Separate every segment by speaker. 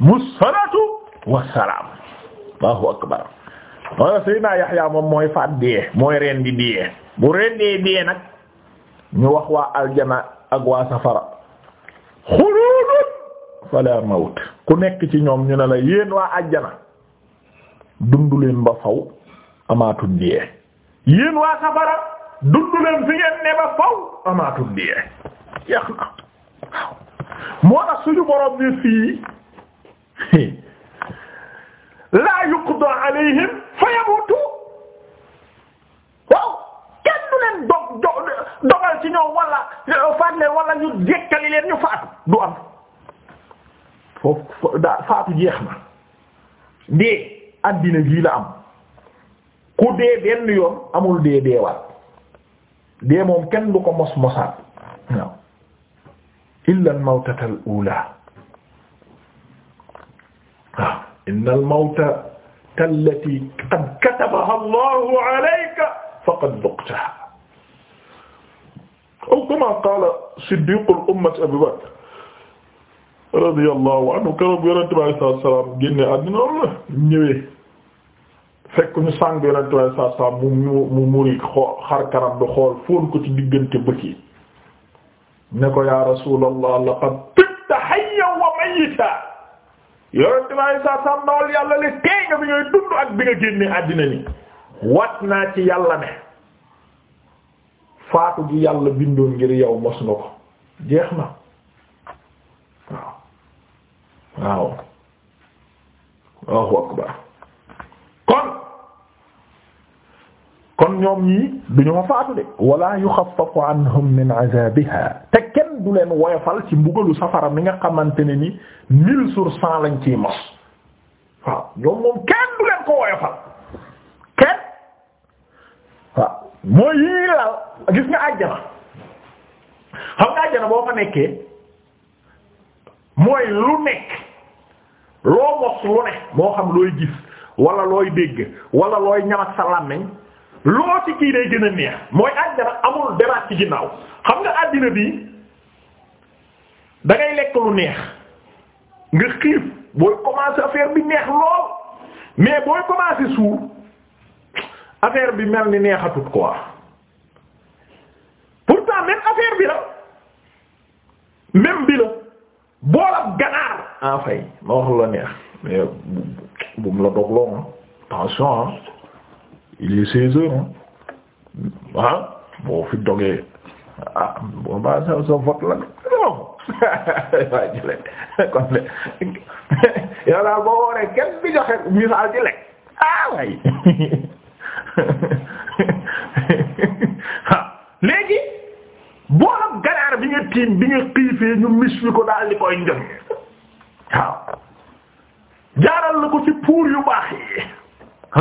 Speaker 1: mussalatu wassalaam Allahu akbar wala Seydina Yahya moom mooy faat mooy reen di dee bu reen dee dee nag ñu wax waa aljana ak waa safara xuluudun fala mawt ku nekk ci ñoom ñu ne la yéen waa aljana dundu leen ba faw amaatul dee yéen waa safara dundu fi ngeen ne ba faw amaatul dee yàq na moo tax suñu borom bi fii laa yuqda alayhim fa yamutu waaw kenn du leen dog dogal ci ñoom wala euh, faat leen wala ñu jekkali leen ñu faatu du am foofu daa faatu jeex na dee àddina gii la am ku dee benn yoon amul dee deewaat dee moom kenn du ko mos mosaat waaw illa al mawtata waaw ah, inna al mawta allati qad katabaha allahu alayka faqad duqtaha aw kama qala siddiqul ummati Abu Bakr radiyallahu anhu keroog yonente bi alayhi salaatu salaam génne àddina am na ñëwee fekk ñu sàng yonente bi alayhi salaatu salaam mu mu muri xool xar kanam bi xool fóon ko ci diggante bët yi ne ko yaa rasuulallah laqad tibta hayyan wa mayyitan yonente bi alei saat yàlla li tey nga fi ngay dund ak bi nga génne àddina ni wat naa ci yàlla ne faatu gi yàlla bindoon ngir yow mos nga ko jeex na waaw waaw Allahu akbar kon kon ñoom ñii duñu ma faatu de wala yuxaffafu anhum min azabiha te kenn kenn du leen woyofal ci mbugalu safara mi nga xamante ne ni mille sur cent lañ ciy mos waaw ñoom moom kenn du leen ko woyofal kenn waaw mooy yii laal gis nga àjjana xam nga àjjana boo fa nekkee mooy lu nekk loo mos lu ne moo xam looy gis wala looy dégg wala looy ñam sa làmmiñ loo ci kii day gën a neex mooy àjjana amul demaat ci ginnaaw xam nga àddina bi da ngay lekk lu neex nga xiif booy commencer affaire bi neex lool mais booy commencer suur affaire bi mel ni neexatut quoi pourtant même affaire bi la même bi la boolam ganaar en fait ma wax la neex mais bu mu la dogloo ma attention ah il est seize ah fi dogee ah bon ba sa sa vote la non waaw yow daal boo wooree kenn bi joxe misaal ci lekk ah waay léegi boolam ganaar bi nga tiim bi nga xiifee ñu mis wi ko daal di koy njël waaw jaaral la ko ci puur yu baax yi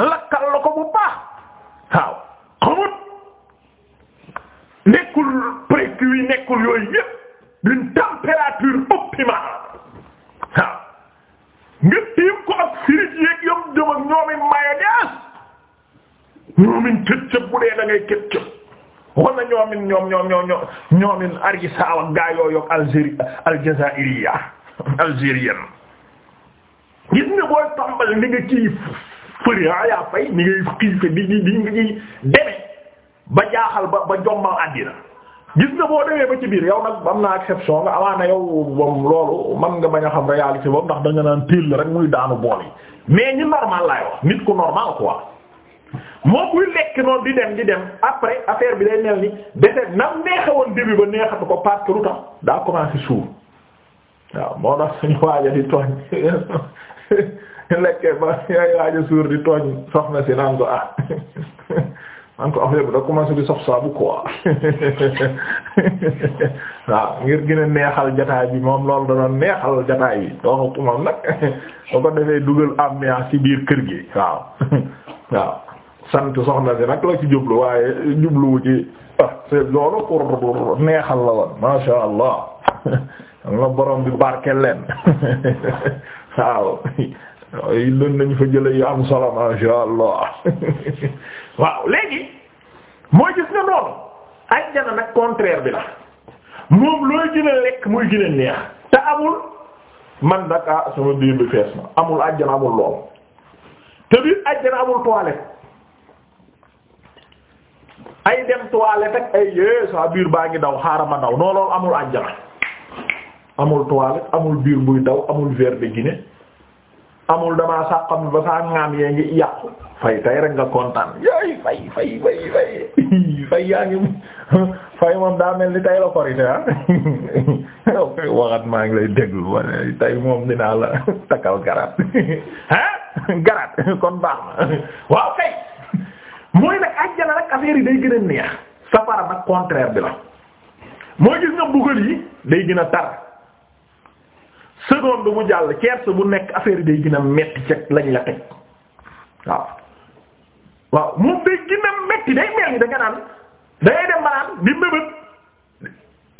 Speaker 1: lakkal la ko bu baax waaw xamut nekkul précu yi nekkul yooyu yépp d'une température optimale waaw nga tiim ko ak firit yom jëm ak ñoomi mayonnaise ñoomin ketchup bu dee da ngay ketchup wala ñoomin ñoom ñoom ñoom ñoom ñoomin arisaw ak gaa yooyu ak booy tàmbal ni nga a ah, yaa fay ni ngay xiife di di di deme ba jaaxal ba ba jommal gis nga boo demee ba ci biir yow nag am naa exception nga amaana yow moom loolu man nga bañ a xam réalité boobu ndax da nga naan téel rek muy daanu bool yi mais ñi normal laay wax nit ku normal quoi moo kuy lekk noonu di dem di dem après affaire bi day mel ni dese nam neexe woon début ba neexatu ko parce que daa commencé suur waaw moo tax suñu waaja di tooñ lekkee ba yaay waaja suur di tooñ soxna si naan ko ah man ko affaire bi da commencé di sox saabu quoi waaw ngir gën a neexal jataay bi moom loolu da neexal jataay bi doo ko moom nag boo ko defee dugal ambiance ci biir kër gi waaw waaw sant soxna si nag la ci jublu waaye jubluwu ci ah c'est loolu neexal la woon masha Allah am na borom bi baar leen waaw loolu nañu fa jële yu am solo masha Allah waaw léegi mooy gis nga noonu ajjana nag contraire bi la moom looy gën lekk muy gën neex te amul man nag ah sama biir bi fees na amul ajjana amul lool te biir ajjana amul toilette ay dem toilette ak ay yee eh, biir baa ngi daw xaaral ma daw non loolu amul ajjana amul toilette amul biir buy daw amul verre de Guinée amul damaa sàqam ba saa ŋaam yee ngi yàqu fay tey rek nga kontaan yooyu fay fay fay fay fay yaa ngi fay moom daa mel ni tey la korite ah waxat maa ngi lay déglu wane tey moom dinaa la takkal garaat ah garaat kon baax na waaw kay mooy nag àjjana rek affaire yi day gën a neex safara nag contraire bi la mooy gis nga mbugal yi day gën a tar seconde bu jàll kersa bu nekk affaire day gën metti ca lañ la teg waaw waaw moom day gën metti day mel ni da nga naan da ngay dem maanaam di mébét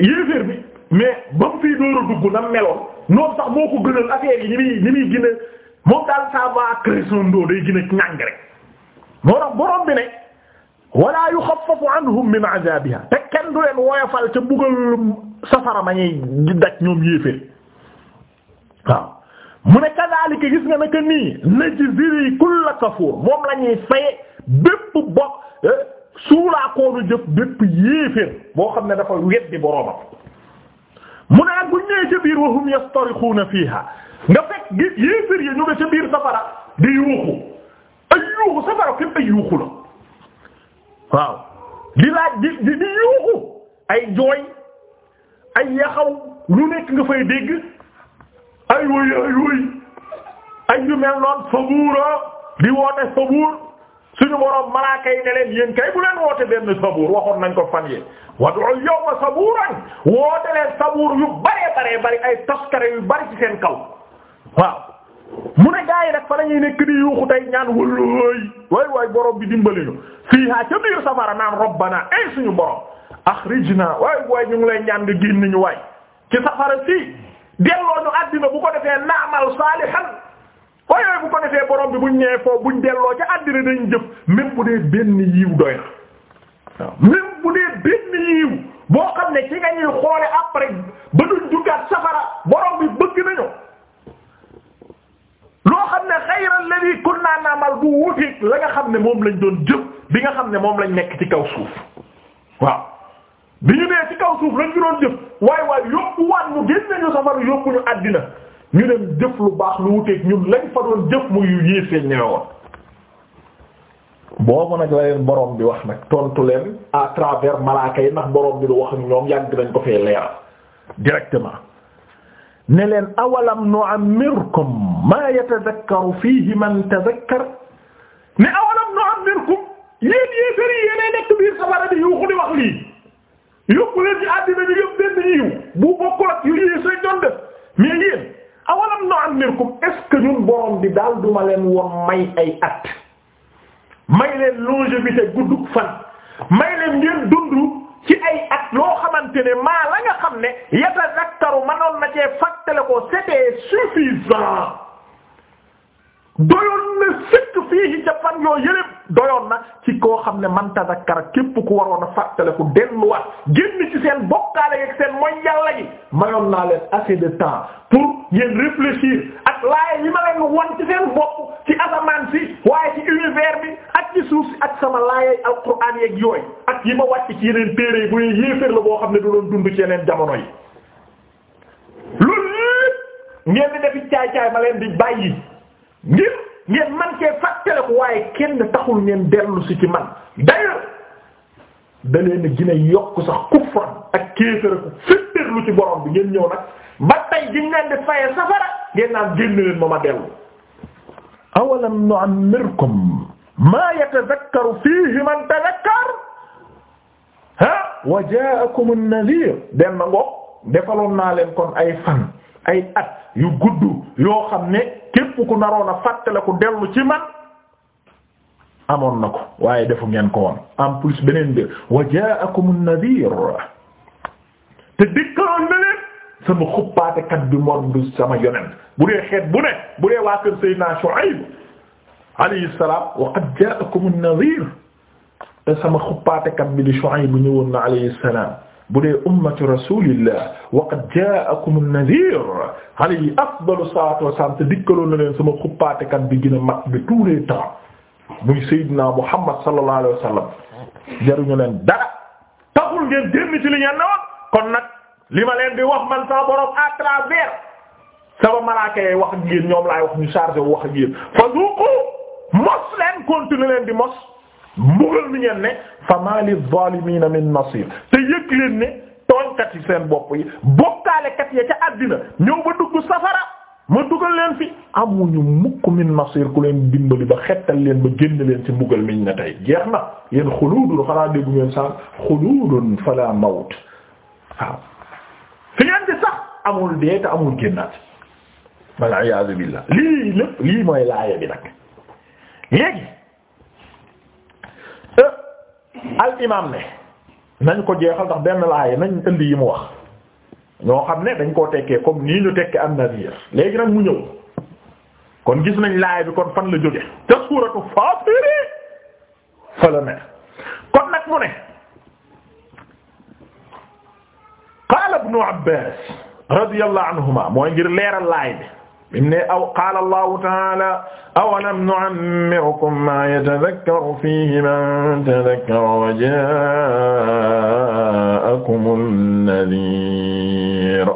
Speaker 1: yéeféer bi mais ba mu fiy door a dugg na meloon noonu sax moo ko gënal affaire yi ni muy ni a moom daal ça va crescendo day gën ñàng rek moo tax borom bi ne wala yuxaffafu anhum min azabiha te kenn du leen woyofal ca buggal safara ma ñuy daj ñoom yéeféer waaw mu ne kadaalika gis nga naka nii najziri kulla kafuur moom la ñuy faye bépp bokk euh, suulaakoonu jëf bépp yéeféer boo xam ne dafa weddi boroomam mu ne ak bu ñëwee ca biir wa hum yastarixuuna fiiha nga fekk gi yéeféer yi ñu nga ca biir safara di yuuxu ay yuuxu safara képp yuuxu la waaw di laaj di di yuuxu ay jooy ay yaxaw lu nekk nga fay dégg ay wuy ay wuy ay yu mel noon sabuura ah. di woote sabuur suñu boroom malaaka yi ne leen yéen kay bu leen woote benn sabuur waxoon nañ ko fan yee wad'u al-yawma sabuuran woote leen sabuur yu bare bare bare ay toskare yu bare ci seen kaw waaw mu ne gaa yi rek fa lañuy nekk di yuuxu tey ñaan wëllooy waay waay borom bi dimbali ñu fiihaa ca biir safara naan rabbana ay suñu borom axrijna waay waay ñu lay ñaan nga génn ñu waay ci safara si delloo ñu àddina bu ko defee naamal saalihan ko yooyu bu ko defee borom bi buñ ñëwee foofu buñ delloo ca àddina dañ jëf même bu dee benn yiw doy na waaw même bu dee benn yiw boo xam ne ci nga ñuy xoole après ba duñ duggaat safara borom bi bëgg nañu loo xam ne xayral ladhi kunna na'mal bu wuuteeg la nga xam ne moom lañ doon jëf bi nga xam ne moom lañ nekk ci kaw suuf waaw bi ñu nee ci kaw suuf lañ doon jëf waaye waaye yóbbuwaat mu génne ñu safara yóbbu ñu àddina ñu dem jëf lu baax lu wuteeg ñun lañ fa doon jëf muy yéesee ñëwoon. boobu nag la leen borom bi wax nag tontu leen à travers malaaka yi ndax borom bi du wax ak ñoom yàgg nañ ko fee leeral directement. ne leen awalam nu'ammirkum ma yatadhakkaru fihi man tadhakkar ne awalam nu'ammirkum yéen yéefar yi yéenay nekk biir safara di yuuxu di wax lii. yóbbu leen ci àddina ñu yóbbu leen di bu bokkul yu yii say doon def mais yéen awalam nu'ammirkum est-ce que ñun borom bi daal duma leen woon may ay at may leen longévité guddug fan may leen ngeen dund ci ay at loo xamante ne maa la nga xam ne yatazakkaru manoon na cee fàttale ko c'était suffisant doyoon na sëkk fii ca fan yoo yëlëb doyoon na ci koo xam ne man tazakkara képp ku waroon a fàttaliku delluwaat génn ci seen bokkaale ak seen mooy yàlla gi mayoon naa leen assez de temps pour ngeen réfléchir ak laay yi ma leen won ci seen bopp ci asamaan si waaye ci univers bi ak ci suuf si ak sama laayay alquran yeeg yooyu ak yi ma wàcc ci yeneen téere yi bu yee yéeféer la boo xam ne du doon dund ci yeneen jamono yi loolu ngeen di defi caay caay ma leen di bàyyi ngir ngeen man cee fàttaliku waaye kenn taxul ngeen dellu si ci man d'ailleurs da leen gën yokk sax kufran ak kéefër ko féttéerlu ci borom bi ngeen ñëw nag ba tey di ngeen di fayee safara ngeen naan génn leen ma ma dellu awalam nu'ammirkum ma yatadhakkaru fihi man tadhakkar ha wa ja'akum an-nadhir den na ngoog defaloon naa leen kon ay fan ay at yu gudd yoo xam ne ku naroon a fàttaliku dellu ci man amoon na ko waaye defu ngeen ko woon en plus beneen bi wa ja'akum an-nadhir te dikkaloon na leen sama xuppaatekat bi moom du sama yonent bu dee xeet bu ne bu dee waa kër Seydina Shuayb alayhi salaam wa qad ja'akum an-nadhir te sama xuppaatekat bi di Shuayb bu ñëwoon na alayhi salaam bu dee ummatu rasulillah wa qad ja'akum an-nadhir alayhi afdalu salatu wassalam te dikkaloon na leen sama xuppaatekat bi gën a mag de tous les temps muy sayyidina muhammad sallallahu alayhi wasallam jaruñu leen dara taxul ngeen génn ci li ngeen ne woon kon nag li ma leen di wax man sa borom à travers sama malaaka yay wax ak yéen ñoom laay wax ñu chargé wax ak yéen fa duqu mos leen continuer leen di mos mbugal mi ngeen ne fa ma lil zaalimiina min nasiir te yëg àddina ñëw ba dugg safara ma dugal ku leen dimbali ba xettal leen ba génn leen ci mbugal miñ ne tey jeex na yéen xuluudun xanaa déggu ngeen sax xuluudun fala lii mooy laaya bi nag léegi al imaam ne nañ ko jeexal ndax benn laaye nañ indi yi mu wax ñoo xam ne dañ koo tekkee comme nii ñu tekkee am nadir léegi nag mu ñëw kon gis nañ laay bi kon fan la jóge te suuratu Faatir fa kon nag mu ne qaala ibnu Abbaas radiyallahu anhuma mooy ngir leeral laay bi im ne aw qaala allahu taala awalam nu'ammirkum ma yatadhakkaru fihi man tadhakkara wa jaa'akumul nadhir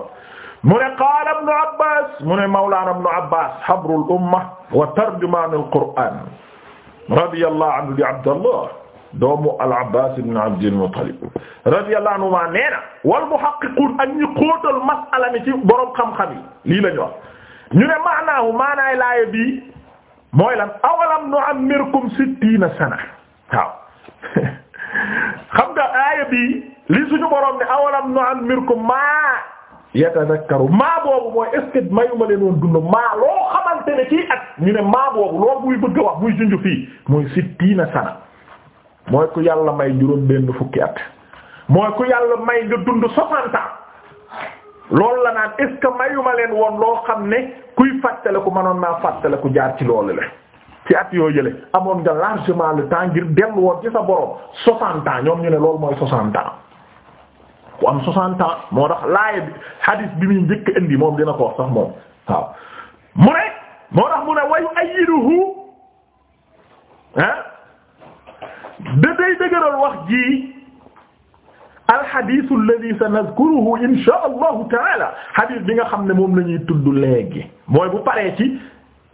Speaker 1: mu ne qaala ibnu abbas mu ne mawlaana ibnu abbas habrul umma wa tarjumaanul qur'aan radiyallahu anhu di abdallah doomu al-Abbaas ibn Abdil Muttalib radiyallahu anhu maa nee na wal muhaqqiquun ak ñu xóotal mas'ala mi ci boroom xam-xam yi lii la ñu wax ñu ne maanaawu maanaay laaya bii mooy lan awalam nu'ammirkum sittiina sana waaw xam nga aaya bii li suñu borom ne awalam nu'ammirkum maa yatadakkaru maa boobu mooy est mayuma leen woon dund maa loo xamante ne at ñu ne maa boobu loo buy bëgg a wax buy junj fii mooy sittiina sana mooy ku yàlla may juróom benn fukki at mooy ku yàlla may nga dund soixante loolu la naan est-ce que mayuma leen woon loo xam ne kuy fàttaliku manoon naa fàttaliku jaar ci loolu la ci at yoo jële amoon nga largement le temps ngir dellu woon ci sa borom soixante ans ñoom ñu ne loolu mooy soixante ans ku am soixante ans moo tax laaya bi bi muy njëkk indi moom dina ko wax sax moom waaw mu ne moo tax mu ne wayu ayyiduhu ah da day dëgëral wax ji alxadiis alladi sanadkuruhu inshaa allahu taala xadiis bi nga xam ne moom la ñuy tudd léegi mooy bu paree ci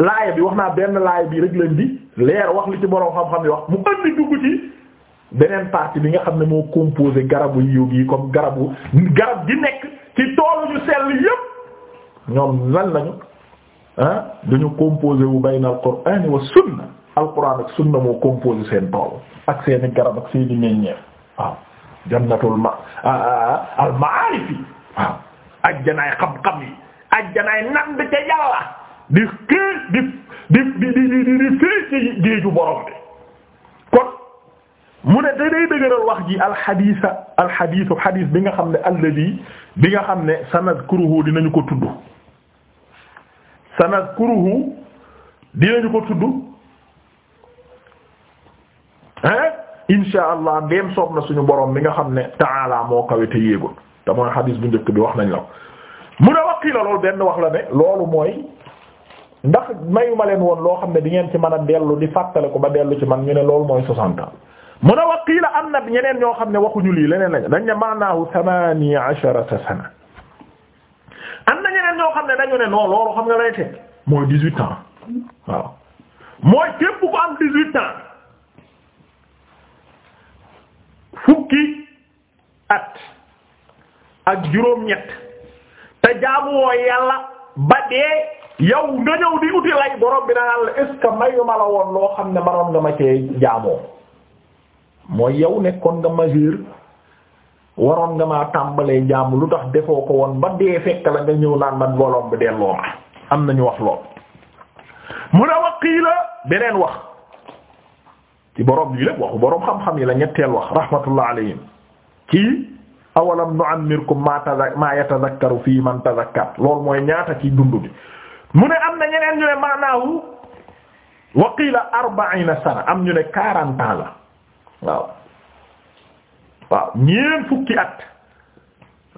Speaker 1: laaya bi wax naa benn laaya bi rek lañ bi leer wax li ci boroom xam-xam yi wax mu andi dugg ci beneen partie bi nga xam ne moo composé garabu yiw yi comme garabu garab gi nekk ci toolu ñu sell yépp ñoom lan lañu ah dañu composé wu bayna al qur'aan wa sunna al qur'aan ak sunna moo composé seen tool ak seeni garab ak seeni meññeef waaw jannatul ma ah, ah, ah, al maarif yi waaw ajjanaay xam-xam yi ajjanaay nand ca yàlla di xëy di di di di di di fëy ci géeju borom kon mu ne da day dëgëral wax ji alxadiisa alxadiisu bi nga xam ne alladi bi nga xam ne sanadkuruhu dinañu ko tudd sanadkuruhu dinañu ko tudd hein insha allah ndeem soob na suñu boroom mi nga xam ne ta'ala moo kawe te yéegul te mooy xadiis bu njëkk bi wax nañ la mu ne waqi la loolu benn wax la ne loolu mooy ndax mayu leen woon loo xam ne di ngeen ci man a dellu di fàttale ko ba dellu ci man ñu ne loolu mooy soixante ans mu ne waqi la am na ñeneen ñoo xam ne waxuñu lii leneen lañ dañ ne maanaahu thamaniya asharata sana am na ñeneen ñoo xam ne dañu ne non loolu xam nga lay teg mooy dix-huit ans waaw mooy fukki at ak juróom-ñett te jaamuwoo yàlla ba dee yow nga ñëw di uti lay borom bi naan la est ce mayu ma la woon loo xam ne manoon nga ma cee jaamoo mooy yow nekkoon nga ma majeur waroon nga ma tàmbalee jaamu lu tax defoo ko woon ba dee fekk la nga ñëw naan man borom bi delloo ma am na ñu wax lool mu ne wa qiila beneen wax. ci borom yi lépp waxu borom xam-xam yi la ñetteel wax rahmatullah alayhim kii awalam nu'ammirkum ma ma yatadhakkaru fii man tadhakkar loolu mooy ñaata ci dundu bi mu ne am na ñeneen ñu ne maanaahu wa qila arba'ina sana am ñu ne quarante ans la waaw waaw ñeent fukki at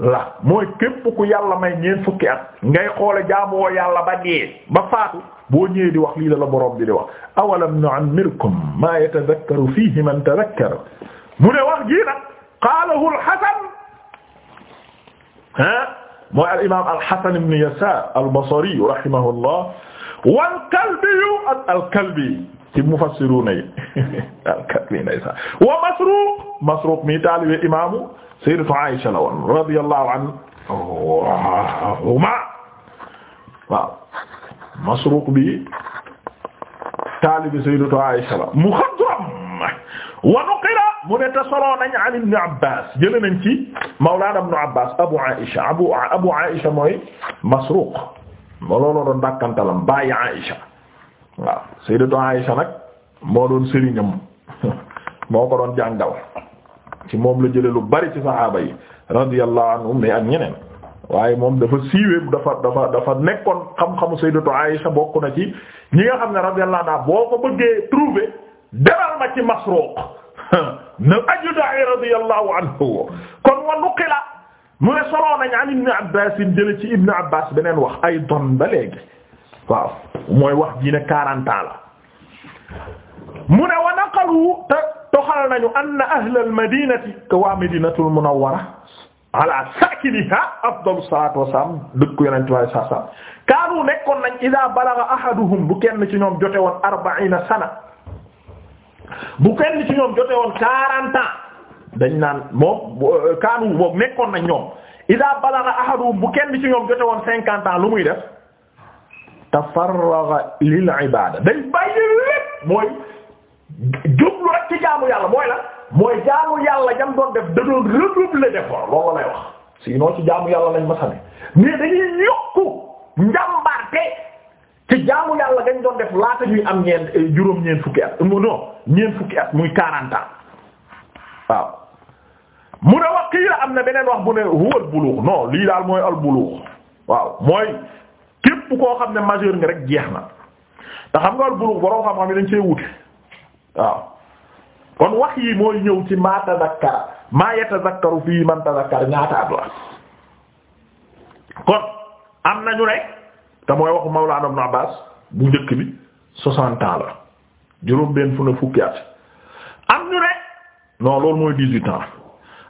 Speaker 1: la mooy képp ku yàlla may ñeent fukki at ngay xoole jaamuwoo yàlla ba dee ba faatu boo ñëwee di wax lii la la borom bi di wax awalam nu'ammirkum ma yatadhakkaru fihi man tadhakkara mu ne wax jii nag qaalahu al-Hasan ah mooy al imaam al-Hasan ibn Yasaar al-Basri rahimahullah wal-Kalbi ak al-Kalbi ci mufassiruna yi al-Kalbi naysa wa Masruuq Masruuq mi taalibe imaamu sayyidatu Aisha la woon radiyallahu anhuma waaw Masruq bi taalibi sayyidatu Aisha la Mukhadram wa nuqila mu ne te soloo nañ an Ibn Abbas jëlee nañ ci Mawlana Ibn Abbas Abu Aisha Abu Abu Aisha mooy Masruq moo looloo doon dàkkantalam bàyyi Aisha waaw sayyidatu Aisha nag moo doon sëriñam moo ko doon jàngal ci moom la jëlee lu bari ci saxaaba yi radiyallahu anhum mais ak ñeneen waaye moom dafa siiwee dafa dafa dafa nekkoon xam-xamu sayyidatu Aisha bokk na ci ñi nga xam ne radiyallahu anha boo ko bëggee trouver demal ma ci Masruq na ajda'i radiyallahu anhu kon wa nuqila mu ne soloo nañ an Ibn jële ci Ibn Abbas beneen wax ay don ba léegi waaw mooy wax ji ne la mu ne wa naqalu te toxal nañu anna ahlal madinati te waa madinatul munawwara ala sakiniha afdalu salaatu wasalaam dëkk yonente waay saa saam kaanu nekkoon nañ ida balaga ahaduhum bu kenn ci ñoom jote woon arbaina sana bu kenn ci ñoom jote woon quarante ans dañ naan moom kaanu boobu nekkoon nañ ñoom ida balaga ahaduhum bu kenn ci ñoom jote woon cinquante ans lu muy def tafarraga lil ibada day bàyyi lépp mooy jublu rek ci jaamu yàlla mooy la mooy jaamu yàlla jam doon def da doon redoubler d'effort loolu lay wax sinon ci jaamu yàlla lañ ma sane mais dañuy yokku njàmbarte ci jaamu yàlla gañ doon def laa ñuy am ñeent eh, juróom ñeent fukki at non ñeent fukki at muy 40 waaw mu ne wax kii la am na beneen wax bu ne huwal buluux non lii daal mooy al buluux waaw mooy képp koo xam ne majeur nga rek jeex na te xam nga al buluux borom xam-xam yi dañ waaw kon wax yi mooy ñëw ci ma tazakkara ma yatazakkaru fii man tazakkar ñaata at kon am nañu ne te mooy waxu Mawlana Ibn Abbas bu njëkk bi soixante ans la juróom benn fu na fukki at am ñu ne non loolu mooy dix-huit ans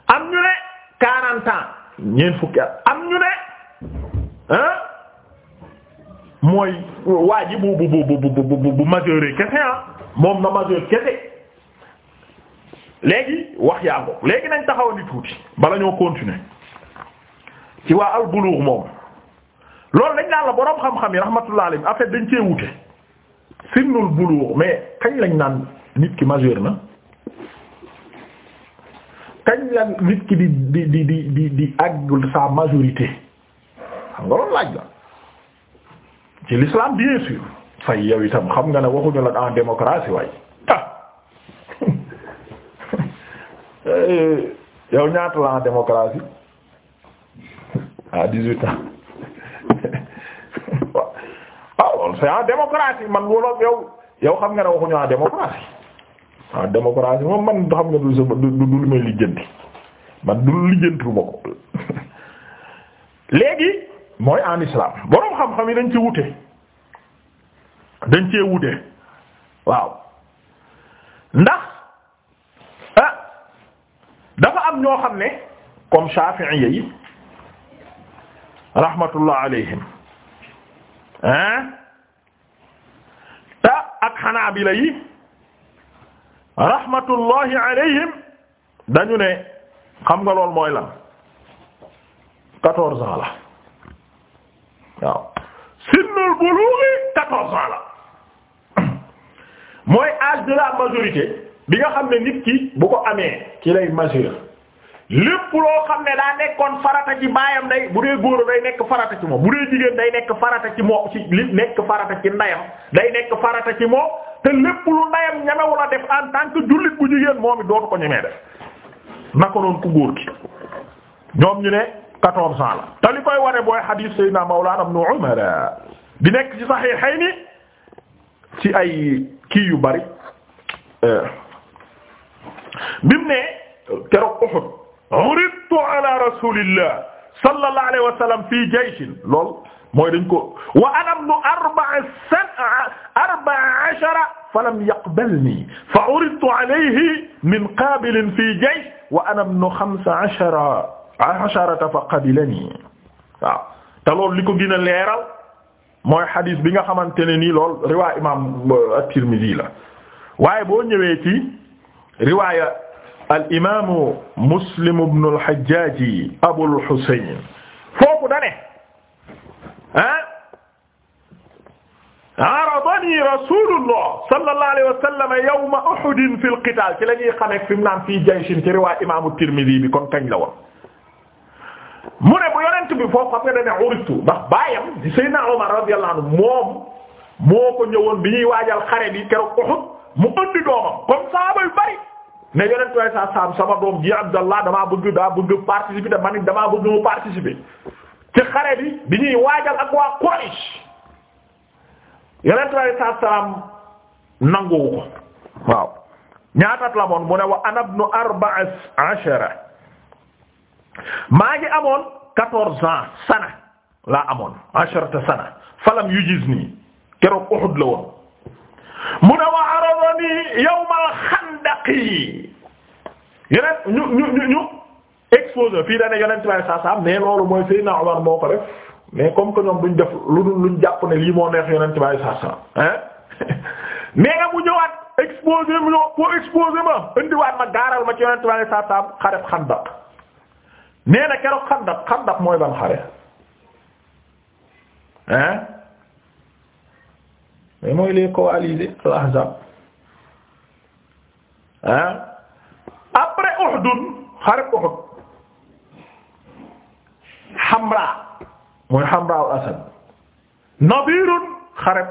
Speaker 1: am ñu ne quarante ans ñeent fukki at am ñu ne hein mooy waa ji bu bu bu bu bu bu majeure kese ah moom na majeur kese léegi wax yaa ko léegi nañ taxaw ni tuuti bala ñoo continuer ci waa al-Bulugh moom loolu dañ naan la boroom xam-xam yi rahmatullah alayhi en fait dañ cee wute sinnul Bulugh mais kañ lañ naan nit ki majeur na kañ la nit ki di di di di di di àggul sa majorité xam nga loolu laaj la ci l'islam bien sûr fay yow itam xam nga ne waxuñu la en démocratie waay ah yow ñaata la en démocratie à ah, dix-huit ans ah loolu en démocratie man loolu yow yow xam nga ne waxuñu en démocratie en démocratie moom man xam nga du du lu may lijjanti man du lijjanti ko léegi mooy en islam boroom xam-xam yi dañ ci wute. dañ cee wute waaw ndax ah, dafa am ñoo xam ne comme Shafi'iyya yi rahmatullah alayhim ah ta ak Hanabila yi rahmatullahi dañu ne xam nga lool mooy lan quatorze ans la waaw sinnul bulughi quatorze mooy âge de la majorité bi nga xam ne nit ki bu ko amee ci lay majeur lépp loo xam ne daa nekkoon farata ci baayam day bu dee góor day nekk farata ci moom bu dee jigéen day nekk farata ci moo ci li nekk farata ci ndayam day nekk farata ci moo te lépp lu ndayam ñemewu la def en tant que jullit bu jigéen moom it dootu ko ñemee def naka noonu ku góor gi ñoom ñu ne quatorze ans te li koy waree booy hadith sayyidina mawlana ibn umar di nekk ci sahihayni ci ay kii yu bari bimu ne keroog Uhud uridtu ala rasulillah sallallahu alayhi wa sallam fi jayshin lool mooy dañ ko wa ana ibnu arba'a sana arba'a ashara falam yaqbalni fa uridtu alayhi min qabilin fi jaysh wa ana ibnu xamsa ashara asharata fa qabilani waaw te loolu li ko gën a leeral mooy xadis bi nga xamante ne nii lool riwaay imaam euh, at-Tirmidhi la waaye boo ñëwee ci riwaaya al imaamu Muslim ibn al-Hajjaj Abul Husayn foofu da ne ah. aradani rasulullah sallallahu alayhi wa sallam yawma Uhud fil qitaal ci la ñuy xamee fi mu naan fii jayshin ci riwaay imaamu at-Tirmidhi bi kon kañ la woon. mu ne bu yonent bi foofu xam nga da ne uritu ndax baayam di Seydina Omar radiyallahu anhu moom moo ko ñëwoon bi ñuy waajal xare bi keroog Uhud mu ëndi doomam comme saaba bari ne yonent waaye sa sama doom ji Abdallah damaa bëgg daa bëgg participer da man damaa bëgg mu participer ci xare bi bi ñuy waajal ak waa yonent waaye sa saam waaw ñaatat la mu ne wa ana ibnu arba'a ashara maa ngi amoon quatorze ans sana laa amoon asharata sana falam yujizni keroog Uhud la woon mu ne wa aradani yawmal xandaqi yeneen ñu ñu ñu ñu exposé fii dane yonent bay saa saam mais loolu mooy Seydina Omar moo ko mais comme que ñoom duñ def lu dul luñ jàpp ne lii moo neex yonent bay saa saam hein nga mu ñëwaat exposé mu ñëw pour exposé ma indiwaat ma gaaral ma ci yonent bay saa saam xareb nee na keroog xandak xandak mooy ban xare hein mais mooy les coalisés al ahzab hein après Uhud xare Uhud Hamra mooy Hamra al Asad Nadirun xare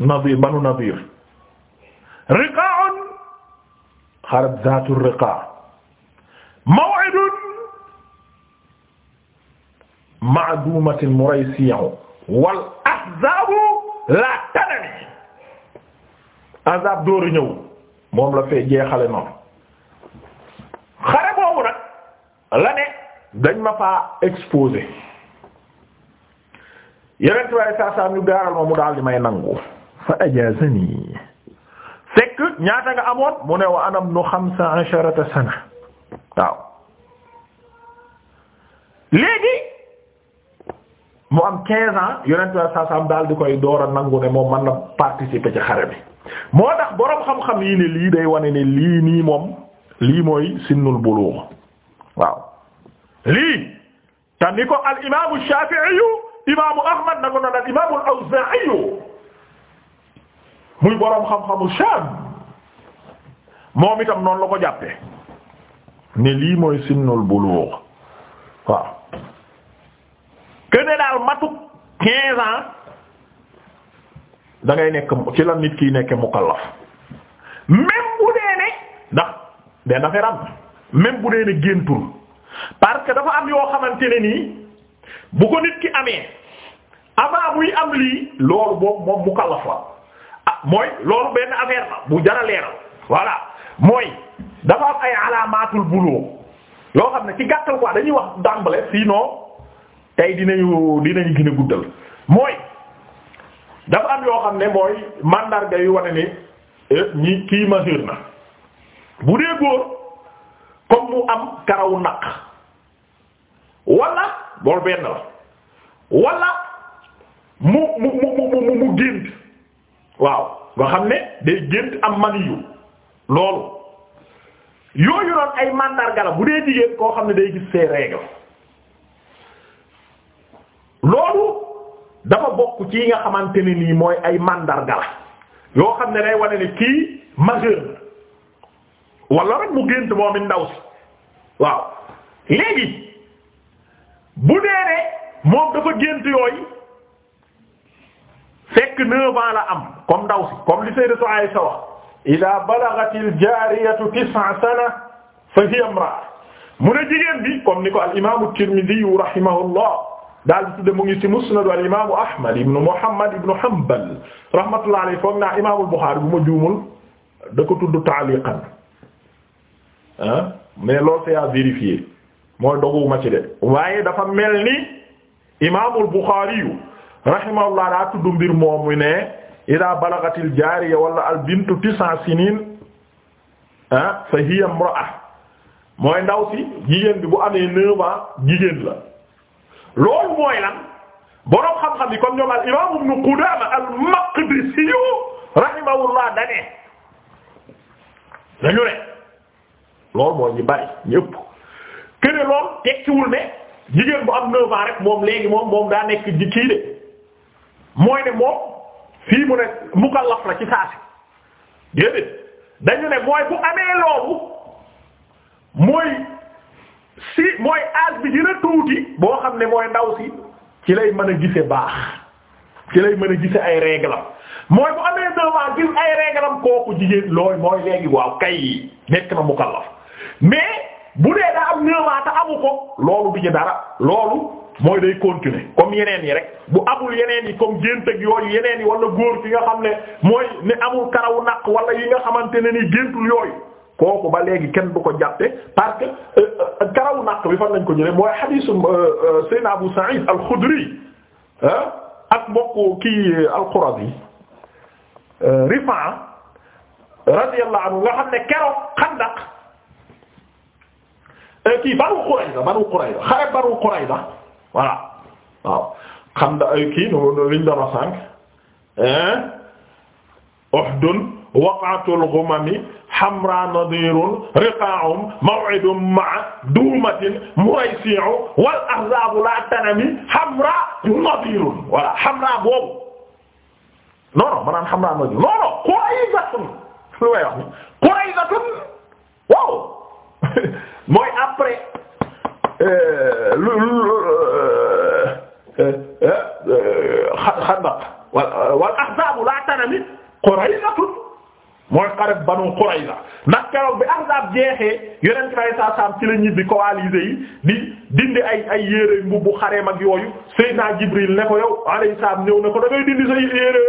Speaker 1: Nadir banu Nadir Riqa'un xare Zaatu Riqa' maw'id ma'dumatin muraysiyan wal ahzaabu la tanami ahzaab dooru ñëw moom la fee jeexale noonu xare boobu nag la ne dañ ma faa exposé yeneen tubaab yi saa saa gaaral ma mu daal di may nangu fa ajaazani fekk ñaata nga amoon mu ne wa anam nu xamsa asharata sana waaw léegi mu am 15 ans yonent bi saa saam daal di koy door a nangu ne moom man na participer ci xare bi moo tax boroom xam-xam yi ne lii day wane ne lii nii moom lii mooy sinnul bulugh waaw lii te ni ko al imaamu imaamu Ahmad na ko noon al imaamu al-Awzaa'i muy boroom xam-xamu Shaam moom itam noonu la ko jàppe ne lii mooy sinnul bulugh waaw ragal matuk 15 ans da nekk ci la nit kiy nekke mukallaf même bu dee ne ndax den dafay ram même bu dee ne géntul parce que dafa am yoo xamante ne nii bu ko nit ki amee avant muy am lii loolu boobu moom mukallaf la ah mooy loolu benn affaire la bu jar a leeral voilà mooy dafa am ay alaamaatul buloo yoo xam ne ci gàttal quoi dañuy wax dàmbale sinon tey dinañu dinañu gën a guddal mooy dafa am yoo xam ne mooy mandarga yu wane ne eh, ñi kii majeur na bu dee góor comme mu am karawu naq wala loolu benn la wala mu mu mu mu mu gént waaw nga xam ne day gént am maniyu loolu yooyu noonu ay mandarga la bu dee jigéen koo xam ne day gis ses règles loolu dafa bokk ci nga xamante ne nii mooy ay mandarga la yoo xam ne day wane ne kii majeur wala rek mu gént moom it ndaw si bu dee moom dafa gént yooyu fekk neuf ans la am comme ndaw si comme li Sayyidatu Aisha wax ida balagatil jaariyatu tis'a sana fa hiya imra'a mu ne jigéen bi comme ni ko al imam at-Tirmidhi rahimahullah daal di tudde mu ngi ci musnad al imaamu Ahmad ibn Muhammad ibn Hanbal rahmatullahi foog naa imaamul Buxaari bu ma juumul da ko tudd taaliqan ah mais loolu c'est vérifier mooy doguwuma ci de waaye dafa mel ni imaamul Buxaari yu rahimahullah daa tudd mbir moomu ne idaa balagatil jaariya wala al bintu tis'a sinin ah, fa hiya imra'a mooy ndaw si jigéen bi bu amee neuf jigéen la. loolu mooy lan borom xam-xam yi comme ñoom al imam ibn Qudama al-Maqdisi rahimahullah dane dañu ne loolu mooy ñu bari ñëpp que ne loolu tekkiwul ne jigéen bu am 9 ans rek moom léegi moom moom daa nekk ji kii mooy ne moom fii mu ne la ci saasi déedéet dañu ne mooy bu amee loolu mooy. si mooy âge bi dina tuuti boo xam ne mooy ndaw si ci lay mën a gise baax ci lay mën a gise ay réglam mooy bu amee deux ans gis ay réglam kooku jigéen looy mooy léegi waaw kay nekk na mukallaf mais bu dee daa am neuf te amu ko loolu du ci dara loolu mooy day comme yeneen yi rek bu amul yeneen yi comme gént ak yooyu yeneen yi wala góor ki nga xam ne mooy ne amul karaw naq wala yi nga xamante ne ni géntul yooyu kooku ba léegi kenn bu ko jàppe parce que euh, euh, karaw naq bi fan lañ ko jëlee mooy hadiisu euh, Seydina Abu Sa'id al-Khudri ak mbokk kii al-Qurazi Rifa'a radiyallahu anhu nga xam ne keroog Xandaq Banu Qurayza Banu Qurayza xare Banu Qurayza voilà waaw Xandaq nu liñ doon sànq Uhdun waqatul ghumami hamra nadirun riqa'um maw'idum ma'a dumatin muraysi'u wal ahzabu la tanami hamra nadirun wala hamra boobu non non maanaam hamra nadirun non non qurayzatun lu may wax ni qurayzatun waaw mooy après euh, euh, euh, xandaq wal ahzabu la tanami qurayzatun mooy xareb Banu Qurayza ndax keroog bi Ahzab jeexee yeneen kibay saa saam ci la ñibbi coalisés yi di dindi ay ay yére mbubbu xare ak yooyu Seydina Jibril ne ko yow alayhi salaam ñëw ne dindi sa yére